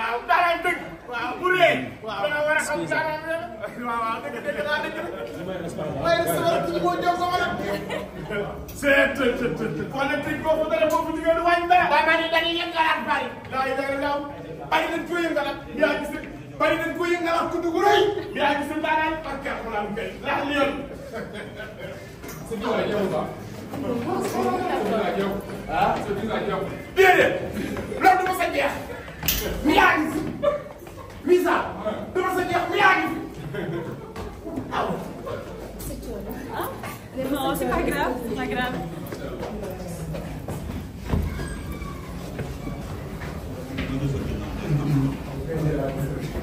waaw dara dëgg. waaw bu rëy. Mm. waaw dana war a xam dara dëgg. waaw waaw dëgg dëgg laa dëgg. waaye sama kii moo jox sama nag. c'est tout tout tout. kon nag tëj boobu dara boobu jigéen du wàññi dara. waaw man dañuy yëngalaat bari. daa yëngal daaw bari nañ ko yëngalaat. yaa gis bari nañ ko yëngalaat ku dugg rëy. yaa gis ne daanaka par kàr bu laal kay ndax li yoon. sëñ bi waa Diop ah. sëñ bi waa Diop ah sëñ bi waa Diop. déedéet loolu du ma sa jeex. Instagram.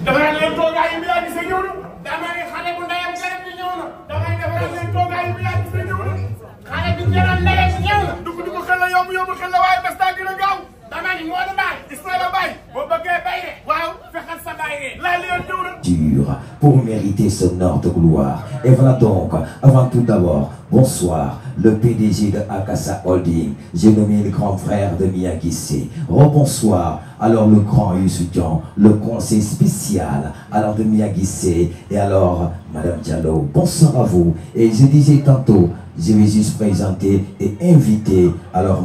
damay leen toogaayu bi laa gis ñëw na damay xale bu ndeyam jaram bi ñëw na damay defaral leen toogaayu bi laa gis ñëw na xale bi jaram ndeyam ñëw na dugg dugg xel la yomb yomb xel la waaye bés taa gën a gaaw damay moo la baay Ismaïla baay boo bëggee bay de waaw fexal sa baay de laa leen ñëw dur pour mériter ce nord de gloire. Et voilà donc, avant tout d'abord, bonsoir, le PDG de Akasa Holding, j'ai nommé le grand frère de Miyagissé. Rebonsoir, alors le grand Yusudian, le conseil spécial, alors de Miyagissé, et alors Madame Diallo, bonsoir à vous. Et je disais tantôt, Je vais juste présenter et inviter alors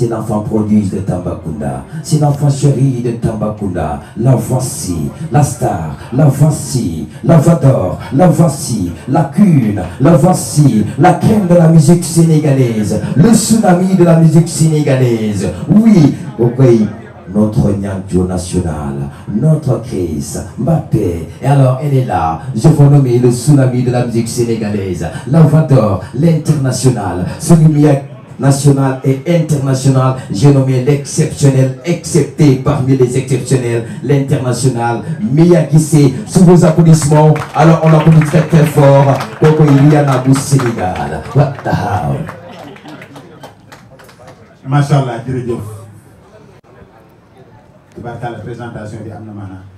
l'enfant prodige de Tambacounda. C'est l'enfant chéri de Tambacounda. La voici, la star, la voici, la vador, la voici, la cune, la crème de la musique sénégalaise, le tsunami de la musique sénégalaise. Oui, notre Nyanjo national, notre Chris Mbappé. Et alors, elle est là. Je vous nomme le tsunami de la musique sénégalaise, l'inventeur, l'international, celui national et international. J'ai nommé l'exceptionnel, excepté parmi les exceptionnels, l'international Miyakise. Sous vos applaudissements, alors on applaudit très très fort. Coco Iliana du Sénégal. What the hell? tubaarkàlla présentation bi am na maanaam